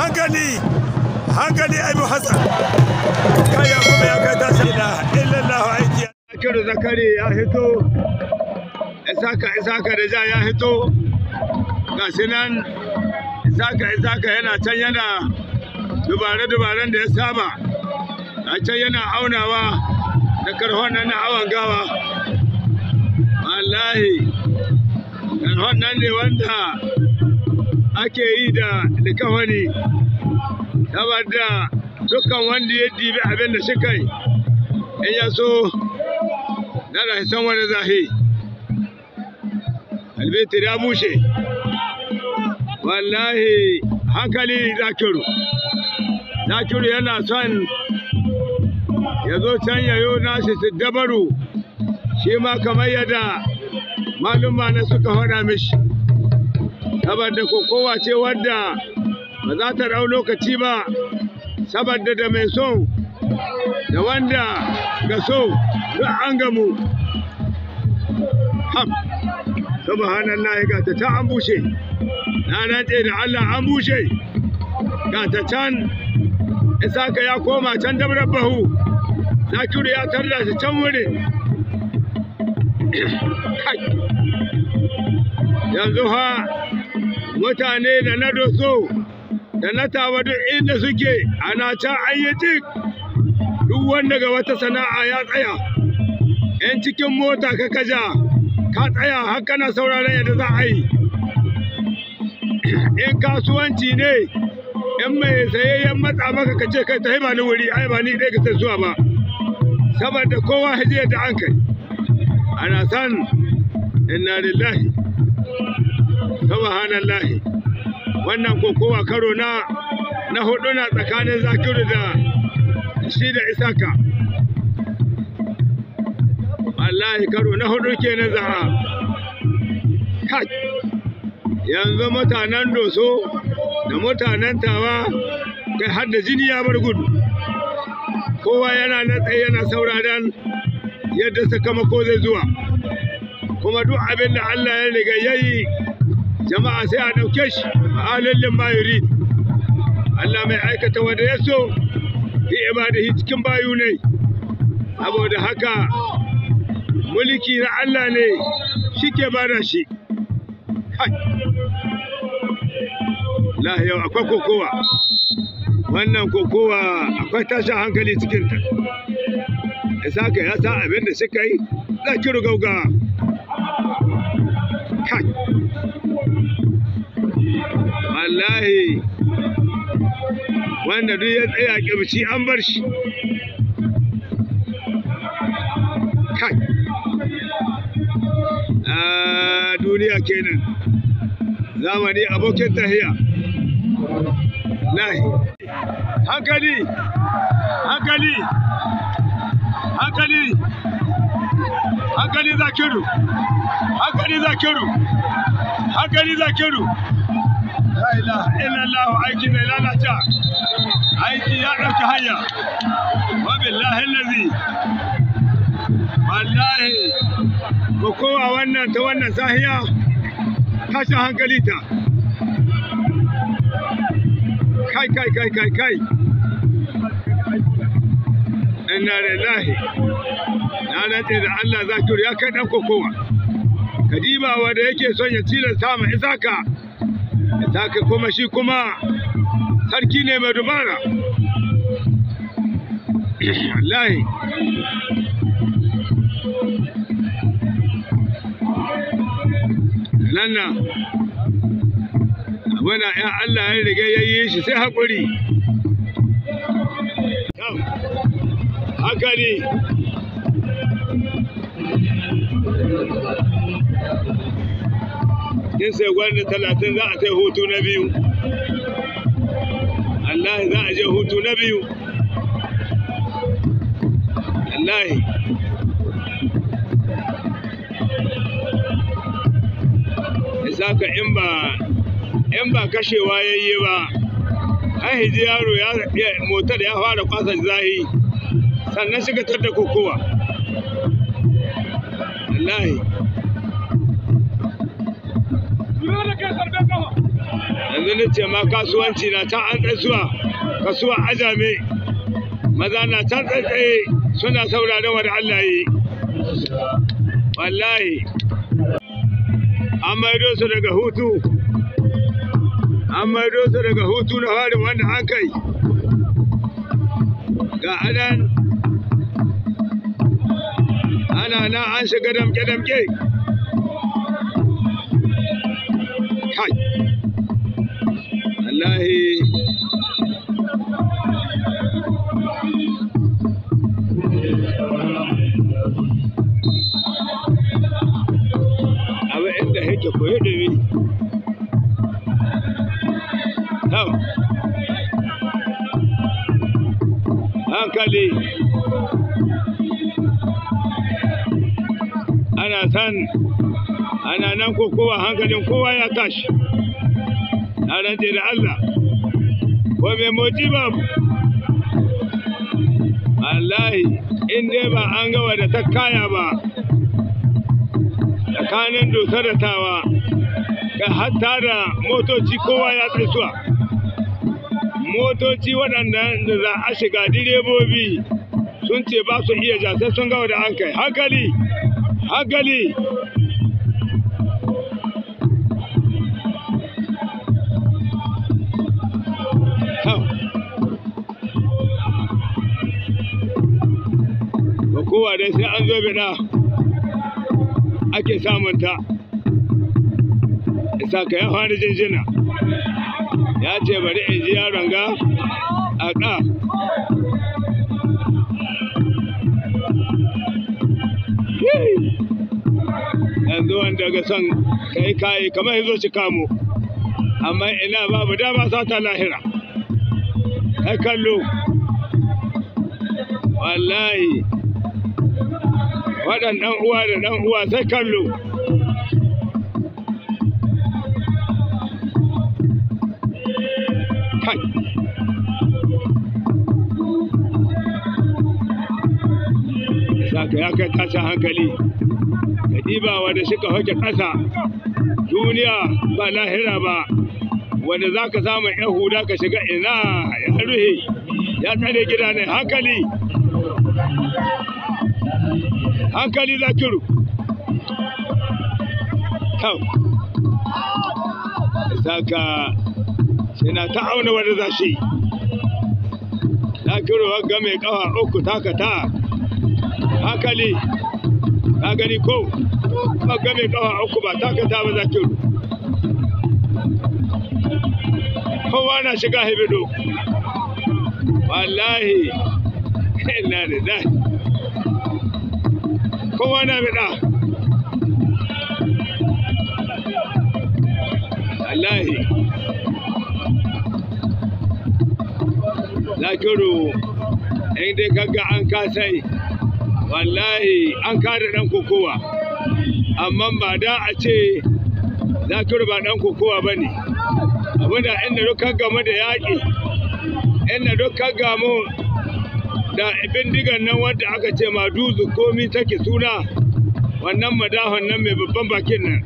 hankali hankali abu hassan kaya kuma ya kai tashi da illallahu aiki akiru zakari ya hito isaka isaka da ja ya hito ga sinan isaka isaka yana can yana dubare dubaren da ya saba a can yana aunawa da karhon nan na awon gawa wallahi karhon nan ne wanda ake yi da likawani da dukkan wanda ya dibi abin da shi kai in ya so na da hisan wani zahi albeti ya bushe wallahi hankali zakiru zakiru yana son ya zo can yayo nashi su dabaru shi ma kamar yadda maluma na suka hada mishi saboda kowa ce wadda ba za ta ɗau lokaci ba saboda da mai so da wanda ga so duk an gamu ham subhanallah ga ta ta an bushe na rantse da Allah an bushe ga ta can isaka ya koma can dabrar bahu zakiru ya tarda shi can wuri yanzu ha mutane da na doso da na tawa inda suke ana can an yi jik duk wanda ga wata sana'a ya tsaya yan cikin mota ka kaja ka tsaya har kana sauraron yadda za a yi in kasuwanci ne 'yan mai sayayyen matsa maka ka ce kai ta ba ni wuri ai ba ni dai ka san zuwa ba saboda kowa hajiyar da an kai ana san inna lillahi subhanallahi wannan kokowa karo na na hudu na tsakanin zakiru da shi da isaka wallahi karo na hudu kenan zara yanzu mutanen doso da mutanen tawa kai har da jini ya bar gudu kowa yana na yana sauraron yadda sakamako zai zuwa kuma duk abin da Allah ya riga yayi jama'a sai a ɗauke shi a alallin mayuri Allah mai aikata wanda ya so fi ibadahi cikin bayu ne saboda haka mulki na Allah ne shi ke bada shi yau akwai kokowa wannan kokowa akwai tashin hankali cikinta ya sa ka yasa sa abin da suka yi za ki wallahi wanda duk ya tsaya kirci an bar shi kai a duniya kenan zamani abokin tahiya lahi hankali hankali hankali hankali zakiru hankali zakiru hankali zakiru la ilaha illallah aiki bai lalata aiki ya ɗauki hanya wa billahi lazi wallahi wannan ta wannan sahiya tashin hankali ta kai kai kai kai kai inna lillahi na rantse da Allah za ya kai ɗan kokowa kadiba wanda yake son ya tilasta ma isaka za ka kuma shi kuma sarki ne mai dubara Allahi. nan na ya Allah ya rige ya shi sai hakuri. haka in sai gwarni talatin za a kai hutu na biyu allahi za a je hutu na biyu allahi saka in ba in ba kashewa yayye ba an hiji yaro ya motar ya fara kwasa zahi sannan shiga da kokowa Allah. yanzu na ce ma kasuwanci na ta an tsaye kasuwa ajame maza na ta tsaye suna saurare wa da Allah yi wallahi an maido su daga hutu an maido su daga hutu na harin wanda an kai ga adan ana nan an shiga damke-damke kai wallahi abin yake koyo san ana nan ko kowa hankalin kowa ya tashi na rantse da Allah ko mai moji ba Allah in dai ba an gawa da ta kaya ba tsakanin dosa da tawa ga hatta da motoci kowa ya tsaisuwa motoci waɗanda da za a shiga direbobi sun ce ba su iya ja sai sun gawa da an kai hankali hankali dai sai an zo bida ake samun ta isa ka ya fara jinjina ya ce bari in ji yaron ga a ɗa yanzu wanda ga son kai kayi kamar yanzu shi kamo amma ina babu dama sata lahira kai kallo wallahi waɗannan ɗan uwa da ɗan uwa sai kallo kai saka ya kai tashin hankali ka da wanda suka hoke ƙasa duniya ba lahira ba wanda za ka samu yan huda ka shiga ina ya ruhe ya tsare gida ne hankali hankali zakiru kyau saka sai na ta auna wani za shi zakiru wagga mai kawa uku taka ta hankali ta gani ko wagga mai kawa uku ba taka ta ba zakiru kowa na shiga hibido wallahi ina da dai kowa na bida wallahi zakiru in dai kaga an kasai wallahi an kare dan kokowa amma ba da a ce zakiru ba dan kokowa ba ne abinda inda duk game da yaki inda duk gamu da bindigan nan wanda aka ce ma duzu komi take suna wannan madahon nan mai babban bakin nan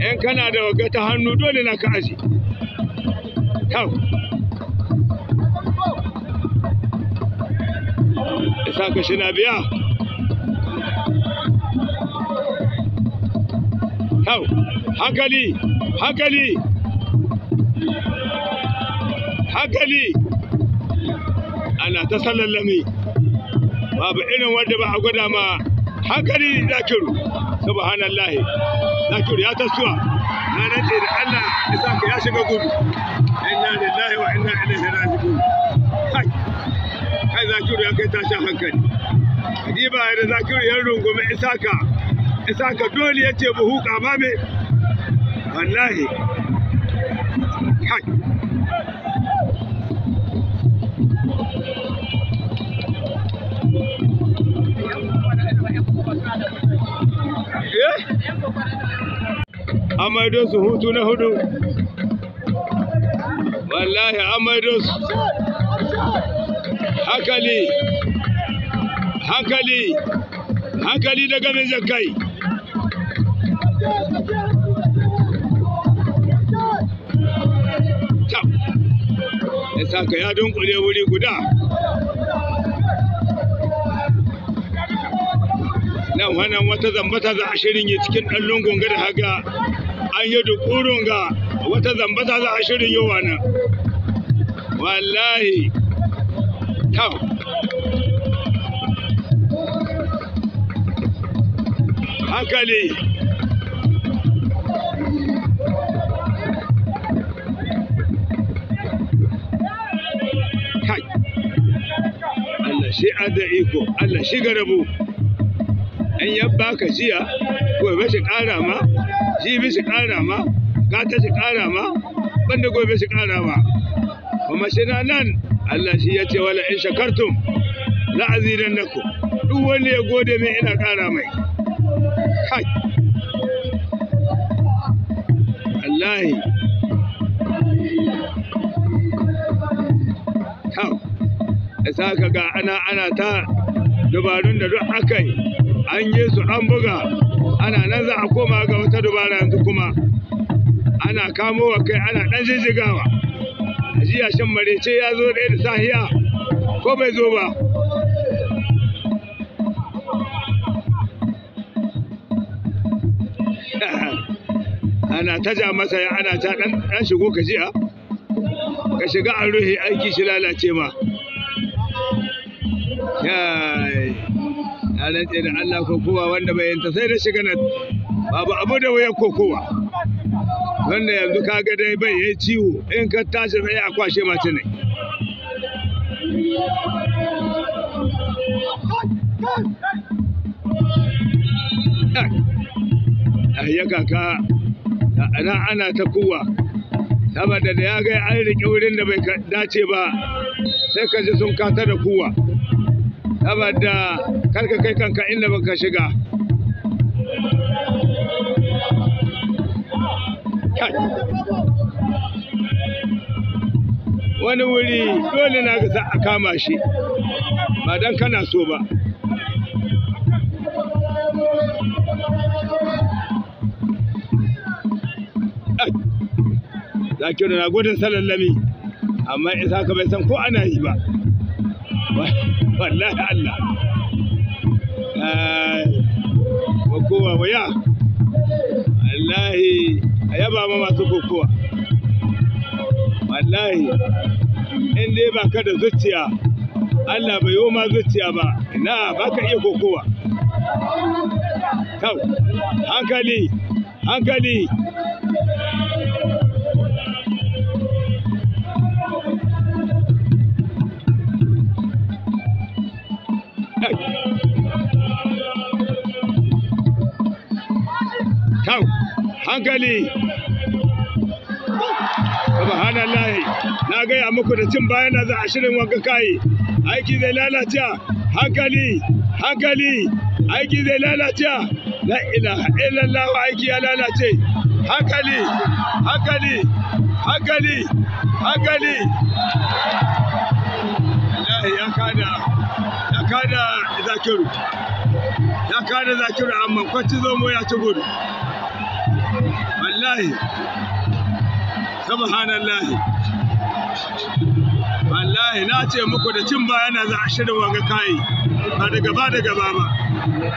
in kana da waga ta hannu dole na ka aji kawo isa ka shi na biya kau hankali hankali hankali ana ta sallallame babu irin wanda ba a gwada ma hankali zakiru subhanallahi zakiru ya tasuwa na rantse da Allah isa ya shiga gudu inna lillahi wa inna ilaihi raji'un kai kai zakiru ya kai tashin hankali adiba da zakiru ya rungume isaka isaka dole yace buhu kama me wallahi kai an su hutu na hudu wallahi an maido su hankali hankali hankali daga mai zakai ya saka ya dunkule wuri guda nan wannan wata zambata za a shirin yi cikin ɗan lungun gada haga an yi dukurun ga wata zambata za a shirin yau nan wallahi kam hankali kai Allah shi da iko Allah shi garabu in yabba ka jiya ko ba shi ƙara ma jibi su kara ma gata su kara ma banda gobe su kara ma kuma shi na nan Allah shi ya ce wala in shakartum la azidan naku duk wanda ya gode min ina ƙara mai kai wallahi da saka ga ana ana ta dubarun da duk akai an yi su an buga ana nan za a koma ga wata dubara yanzu kuma ana kamo wa kai ana ɗan jijjigawa a jiya shan marece ya zo ɗaya da sahiya ko bai zo ba ana ta ja masa ya ana ta ɗan shigo ka jiya ka shiga an ruhi aiki shi lalace ma na rantse da Allah ko kowa wanda bai yanta sai da shiga na babu abu da ko kokowa wanda yanzu ka dai bai yi ciwo in ka tashi sai a kwashe mace ne ya kaka na ana ta kowa saboda da ya ga an riƙe wurin da bai dace ba sai ka ji sun kata da kowa kar karka kai kanka inda baka shiga wani wuri dole na ga a kama shi ba dan kana so ba zakiru na gudun salallami amma isa ka bai san ko ana yi ba wallahi Allah kokowa waya wallahi a yaba ma masu kokowa wallahi in dai ba ka da zuciya Allah bai yi ma zuciya ba ina ba ka iya kokowa kau hankali hankali hankali subhanallah na ga ya muku da cin bayan da za a shirin wanka kai aiki zai lalace hankali hankali aiki zai lalace la ilaha illallah aiki ya lalace hankali hankali hankali hankali wallahi ya kada ya kada zakiru ya kada zakiru amma kwanci zo mu ya ci gudu lahi wallahi na ce muku da cin bayana za a shirin wanga kayi ba da gaba da gaba ba